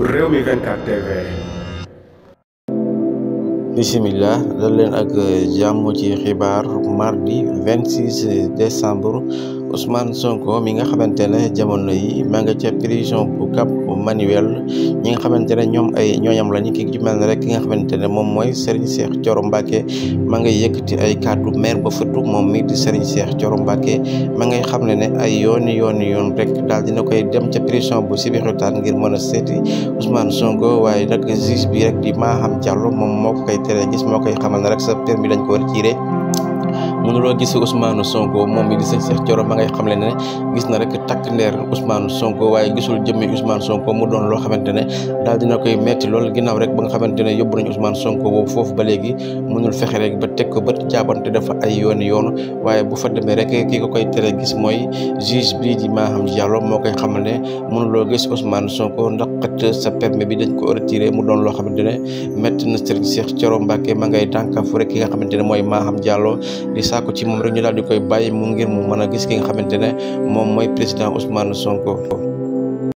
Rewmi 24 TV. ak jàmm ci xibaar mardi 26 décembre. Ousmane Sonko mi nga xamante ne jamono yi maa nga ca prison bu Cap Manuel ñi nga xamante ne ñoom ay ñooñam lañu ki ci mel ne rek ki nga xamante ne moom mooy Serigne Cheikh Thioro Mbacké maa ngay yëkkati ay kàddu maire ba moom mi di Serigne Cheikh Thioro Mbacké maa ngay xam ne ne ay yooni yooni yoon rek daal dina koy dem ca prison bu Sébikotane ngir mën a seeti Ousmane Sonko waaye nag juge bi rek di Maham Diallo moom moo ko koy tere gis moo koy xamal rek sa permis dañ ko ciire mënuloo gis Ousmane Sonko moom mi di sëñ Cheikh Thioro ma ngay xamle ne gis na rek takk ndeer Sonko waaye gisul jëmmi Ousmane Sonko mu doon loo xamante ne daal dina koy lool ginnaaw rek ba nga xamante ne yóbbu nañu Ousmane Sonko boobu foofu ba léegi mënul fexe rek ba teg ko bët jaabante dafa ay yooni yoonu waaye bu fa demee rek kii ko koy tere gis mooy juge bii di Maham Diallo moo koy xamal ne mënuloo gis Ousmane Sonko ndax xët sa permis bi dañ ko retiré mu doon loo xamante ne metti na sëñ Cheikh Thioro Mbacké ma ngay dànkaafu rek ki nga xamante ne mooy Maham Diallo di sàkku ci moom rek ñu daal koy bàyyi mu ngir mu mën a gis ki nga xamante ne moom mooy président Ousmane Sonko.